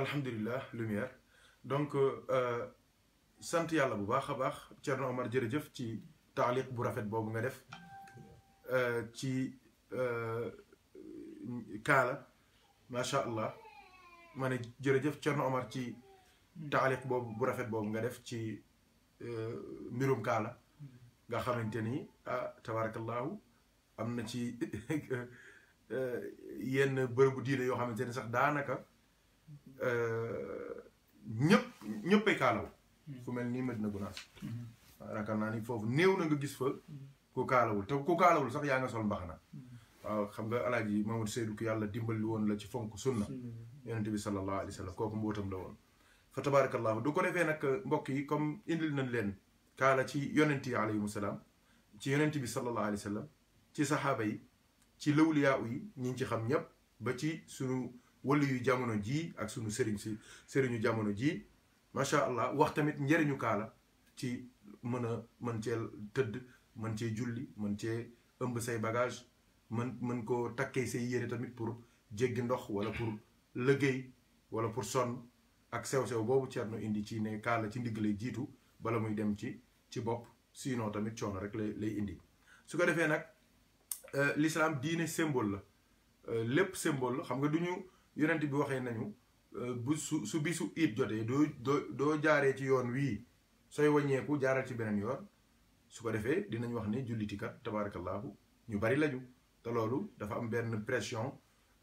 alhamdulilah lumière donc euh, euh, sant yàlla bu baax a baax Thierno Omar jërëjëf ci taaliq bu rafet boobu nga def euh, ci kaala macha allah ma jërëjëf Thierno Omar ci taaliq boobu bu rafet boobu nga def ci mbirum kaala nga xamante ni ah tabarakallahu am na ci yenn bu diine yoo xamante ni sax daanaka. Euh, ñëpp ñëppay kaalaw fu hmm. mel nii Medina Gunaas hmm. yaakaar naa ni foofu néew na nga gis fa hmm. ku kaalawul te ku kaalawul sax yaa nga sol na waaw xam nga alaaj yi alaaji Mamadou Seydou ku yàlla dimbali woon la ci fonk sunna yonent bi sallallahu alayhi wa kooku mbootam la woon fa tabarakallahu du ko defee nag euh, mbokk yi comme indil nañ leen kaala ci yonent yi alayhimu salaam ci yonent bi sallallahu alayhi wa sallam ci saxaaba yi ci lawliyaa yi ñi ci xam ñëpp ba ci sunu wala yu jamono jii ak sunu sëriñ si sëriñu jamono jii macha allah wax tamit njëriñu kaala ci mën a mën cee tëdd mën cee julli mën cee ëmb say bagage mën mën koo takkee say yére tamit pour jéggi ndox wala pour liggéey wala pour sonn ak sew-sew boobu Thierno indi ci ne kaala ci ndigg lay jiitu bala muy dem ci ci bopp sinon tamit coono rek lay lay indi su ko defee nag euh, l'islam diine symbole la euh, lépp symbole la xam nga duñu yonent bi waxee nañu euh, bu su su bisu iit jotee doo doo doo jaaree ci yoon wii sooy wàññeeku jaaral ci beneen yoon su ko defee dinañ wax ne jullitikat tabaarakallaahu ñu bari lañu te loolu dafa am benn pression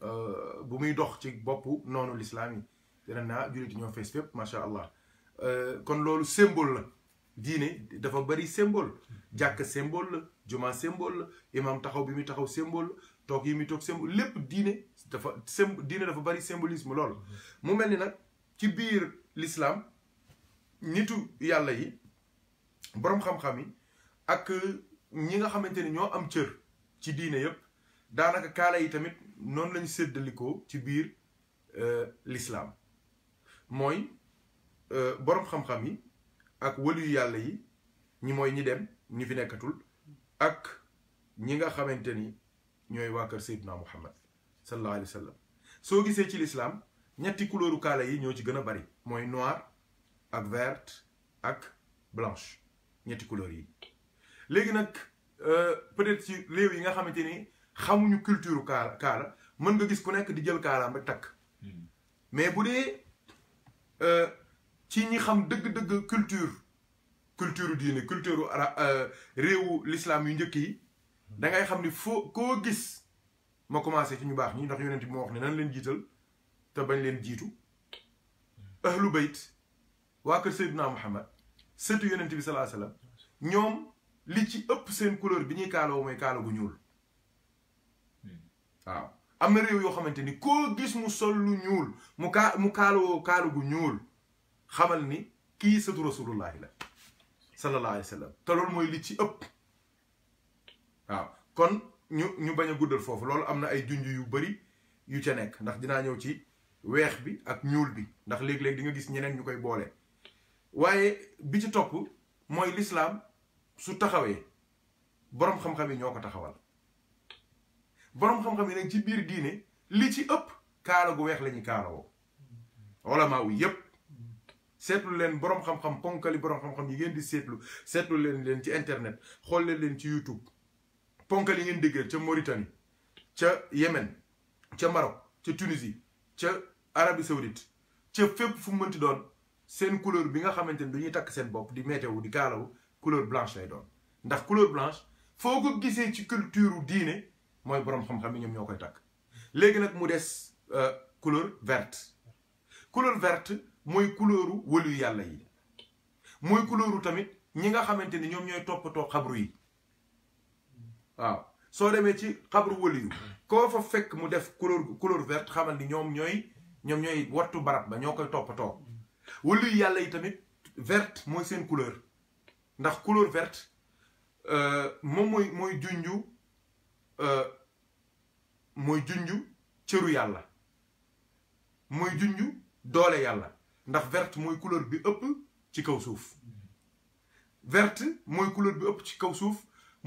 euh, bu muy dox ci boppu noonu lislaam yi dinañ naa ah, julliti ñoo fees fépp macha allah euh, kon loolu symbole la diine dafa bari symbole jàkk symbole la juma symbole la imaam taxaw bi muy taxaw symbole toog yi muy toog symb lépp diine dafa symb diine dafa bari symbolisme lool mu mel ni nag ci biir lislaam nitu yàlla yi boroom xam-xam yi ak ñi nga xamante ni ñoo am cër ci diine yëpp daanaka kaala yi tamit noonu lañu séddalikoo ci biir euh, lislaam mooy euh, boroom xam-xam yi ak waliyu yàlla yi ñi mooy ñi dem ñi fi nekkatul ak ñi nga xamante ni ñooy waa kër Seydina Muhammad sallallahu alayhi wa sallam soo gisee ci lislaam ñetti couleur kaala yi ñoo ci gën a bari mooy noir ak vert ak blanche ñetti couleur yi léegi nag euh, peut-être ci réew yi nga xamante ni xamuñu culture kaala kaala mën nga gis ku nekk di jël kaalaam rek takk hmm. mais bu dee euh, ci ñi xam dëgg-dëgg culture culture diine culture euh, réewu l'islam yu njëkk yi da ngay xam ni foo koo gis ma commencer ci ñu baax ñi ndax yonent bi moo wax ne nan leen jiital te bañ leen jiitu ahlu bayt waa kër Seydina Muhammad sëtu yonent bi salaa salaam ñoom li ci ëpp seen couleur bi ñuy kaaloo mooy kaala gu ñuul waaw am na réew yoo xamante ni koo gis mu sol lu ñuul mu kaa mu kaaloo kaala gu ñuul xamal ni kii sëtu rasulullahi la sallallahu la wa sallam te loolu mooy li ci ëpp waaw kon ñu ñu bañ a guddal foofu loolu am ay junj yu bari yu ca nekk ndax dinaa ñëw ci weex bi ak ñuul bi ndax léeg-léeg di nga gis ñeneen ñu koy boole waaye bi ci topp mooy lislaam su taxawee borom xam-xam yi ñoo ko taxawal borom xam-xam yi nag ci biir diine li ci ëpp kaala gu weex la ñuy kaalawoo olamaa wu yépp seetlu leen borom xam-xam ponkali borom xam-xam yi ngeen di seetlu seetlu leen leen ci internet xool leen leen ci YouTube ponkal yi ngeen dégg ca Mauritanie ca yemen ca Maroc ca Tunisie ca Arabie Saoudite ca fépp fu mu mënti doon seen couleur bi nga xamante ni ñuy takk seen bopp di météo di kaalawu couleur blanche lay doon ndax couleur blanche foo ko gisee ci culture diine mooy boroom xam-xam ñoom ñoo koy takk léegi nag mu des euh, couleur vert couleur vert mooy couleuru wëlu yàlla yi mooy couleuru tamit ñi nga xamante ni ñoom ñooy toppatoo xabru yi waaw soo demee ci xabru wëliyu koo fa fekk mu def couleur couleur verte xamal ni ñoom ñooy ñoom ñooy wattu barab ba ñoo koy toppatoo wëliyu yàlla yi tamit vert mooy seen couleur ndax couleur vert euh, moom mooy mooy junju euh, mooy junju cëru yàlla mooy junju doole yàlla ndax verte mooy couleur bi ëpp ci kaw suuf vert mooy couleur bi ëpp ci kaw suuf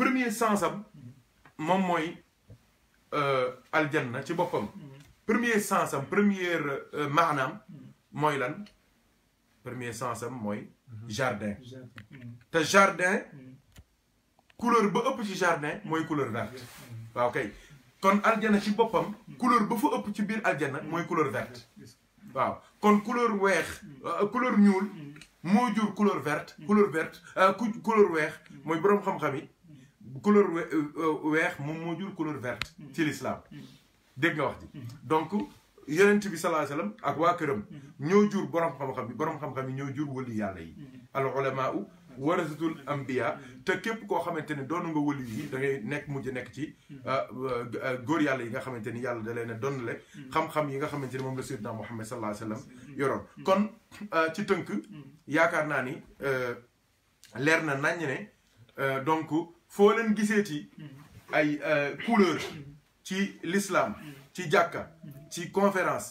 premier sens am moy euh aljanna ci bopam mm-hmm. premier sens am première euh, maanaam mm-hmm. mooy lan premier sens am mooy mm-hmm. jardin ta jardin couleur ba upp ci jardin moy couleur verte wa kay kon aljana ci bopam couleur ba fa upp ci bir aljana moy couleur verte wa kon couleur wex euh, couleur ñuul mo jur couleur verte couleur verte euh, couleur wex moy borom xam xami couleur euh, euh, weex moom moo jur couleur verte ci l'islam dégg nga wax ji donc yonent bi sallallahu alayhi wasallam ak waa këram ñoo jur borom xam-xam yi borom xam-xam yi ñoo jur wëli yàlla yi al ulama u warasatul te képp koo xamante ne doonu nga wëli yi da ngay nekk mujj nekk ci euh, góor yàlla yi nga xamante ni yàlla da leen a donnale xam-xam yi nga xamante ni moom la sayyidna Muhammad sallallahu alayhi wasallam yoroon kon ci tënk yaakaar naa ni leer na naññ ne donc foo leen gisee ci mm-hmm. ay euh, couleur mm-hmm. ci lislaam mm-hmm. ci jàkka ci conférence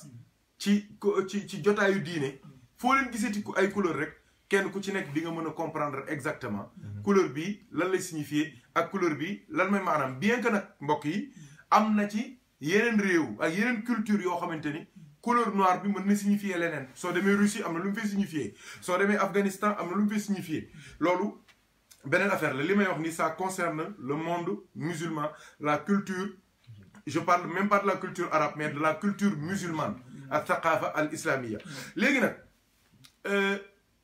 ci ci ci jotaayu diine foo leen gisee ci ay couleur rek kenn ku ci nekk di nga mën a comprendre exactement couleur bi lan lay signifier ak couleur bi lan mooy maanaam bien que nag mbokk yi am na ci yeneen réew ak yeneen culture yoo xamante ni couleur noire bi mën na signifier leneen soo demee Russie am na lu mu fay signifier soo demee Afghanistan am na lu mu fay signifier loolu les affaire la ni ça concerne le monde musulman la culture je parle même pas de la culture arabe mais de la culture musulmane à thaqafa al islamia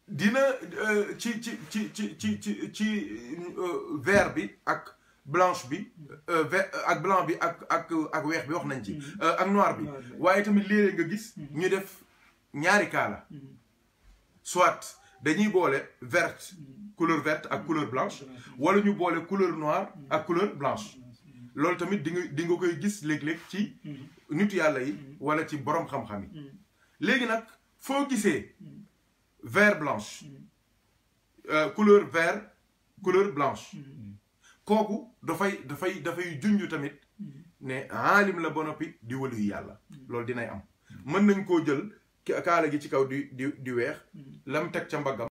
dina vert bi ak blanche bi euh, euh, blanc bi noir soit verte mm-hmm couleur verte à couleur blanche wala ñu boole couleur noire à couleur blanche Lors tamit di nga di nga koy gis léeg-léeg ci nit yàlla yi wala ci borom xam-xam yi léegi nag foo vert blanche euh, couleur vert couleur blanche kooku dafay dafay dafay junj tamit ne de la ba noppi di wëlu yu yàlla loolu dinay am mën nañ koo jël kaala gi ci kaw di di di du lam teg ca mbaggam